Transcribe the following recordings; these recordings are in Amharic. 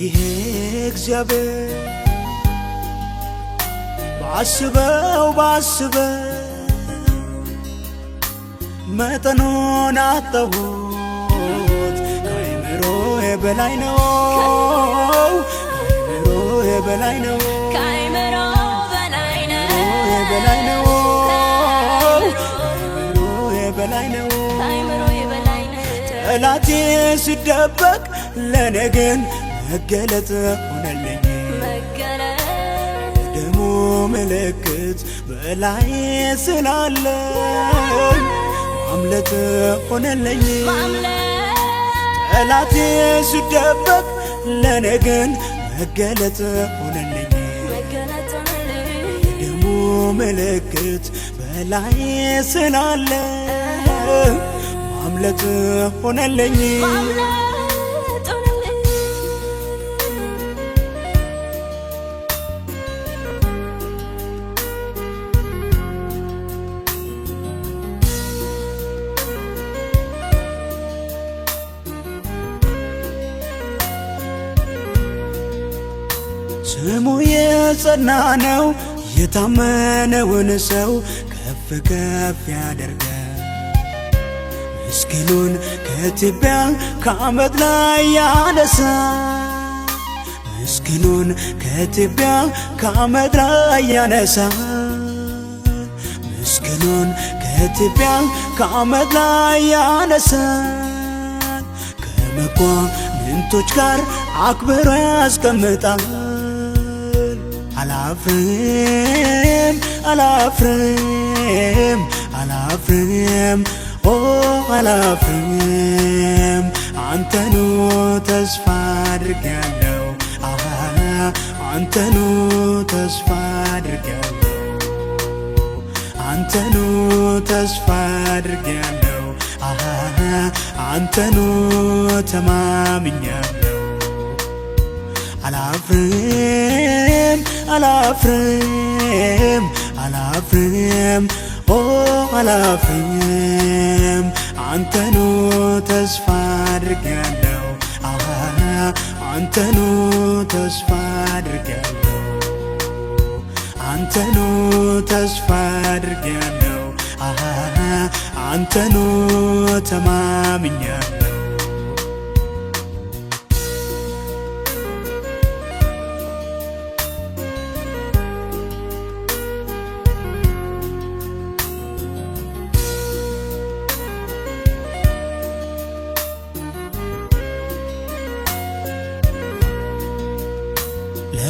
ይሄ እግዚአብሔር ባስበው ባስበው መጠኑን አጣሁት። ከአእምሮዬ በላይ ነው፣ ከአእምሮዬ በላይ ነው፣ ከአእምሮዬ በላይ ነው። ጠላቴ ሲደበቅ ለእኔ ግን መገለጥ ሆነልኝ ደሙ ምልክት በላይ ስላለ ማምለጥ ሆነልኝ ጠላቴ ሲደበቅ ለእኔ ግን መገለጥ ሆነልኝ ደሙ ምልክት በላይ ስላለ ማምለጥ ሆነልኝ ስሙ የጸና ነው። የታመነውን ሰው ከፍ ከፍ ያደርገ ምስኪኑን ከትቢያ ከአመድ ላይ ያነሳ ምስኪኑን ከትቢያ ከአመድ ላይ ያነሳ ምስኪኑን ከትቢያ ከአመድ ላይ ያነሳ ከመኳንንቶች ጋር አክብሮ ያስቀምጣል። አላፍርም አላፍርም አላፍርም ኦ አላፍርም አንተኑ ተስፋ አድርጋለሁ አንተኑ ተስፋ አድርጋለሁ አንተኑ ተስፋ አድርጋለሁ አንተኑ ተማምኛለሁ አላፍርም አላፍርም አላፍርም አላፍርም ኦ አላፍርም አንተኑ ተስፋ አድርጌያለሁ አንተኑ ተስፋ አድርጌያለሁ አንተኑ ተስፋ አድርጌያለሁ አንተኑ ተማምኛለሁ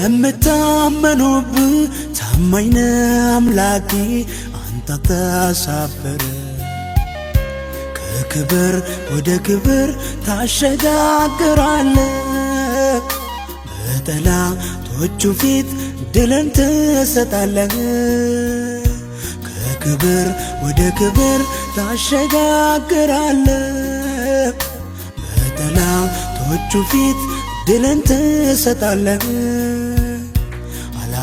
የምታመኑብ ታማኝነ አምላኬ አንታታ ሳበረ ከክብር ወደ ክብር ታሸጋግራለ በጠላቶቹ ፊት ድልን ትሰጣለ ከክብር ወደ ክብር ታሸጋግራለ በጠላቶቹ ፊት ድልን ትሰጣለ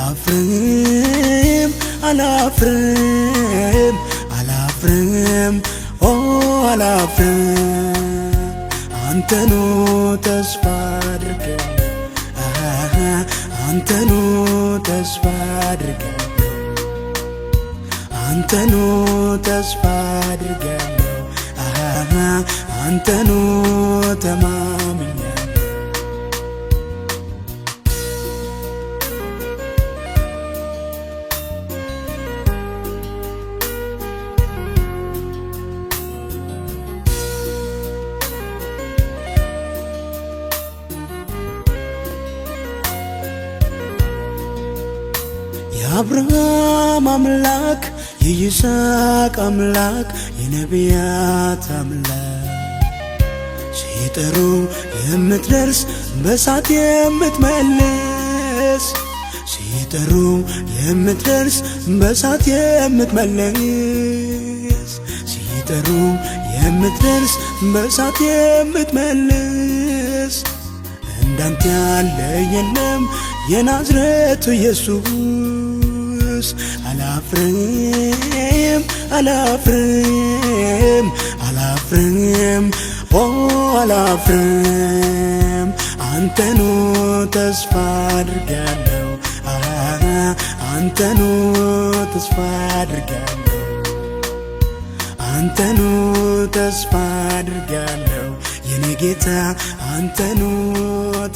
አላፍርም አላፍርም አላፍርም ኦ አላፍርም አንተኑ ተስፋ አድርጌ አንተኑ ተስፋ አድርጌ አንተኑ ተስፋ አድርጌ አንተኑ ተማ የአብርሃም አምላክ የይስሐቅ አምላክ የነቢያት አምላክ ሲጠሩ የምትደርስ በሳት የምትመልስ ሲጠሩ የምትደርስ በሳት የምትመልስ ሲጠሩ የምትደርስ በሳት የምትመልስ እንዳንተ ያለ የለም የናዝሬቱ ኢየሱስ አላፍርም አላፍርም አላፍርም ኦ አላፍርም አንተኑ ተስፋ አድርጋለሁ አንተኑ ተስፋ አድርጋለሁ አንተኑ ተስፋ አድርጋለሁ የኔ ጌታ አንተኑ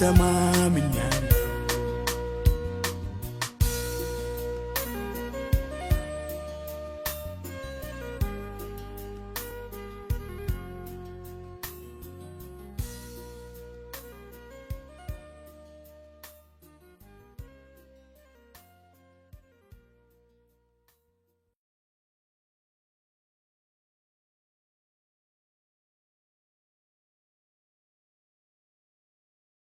ተማምኝ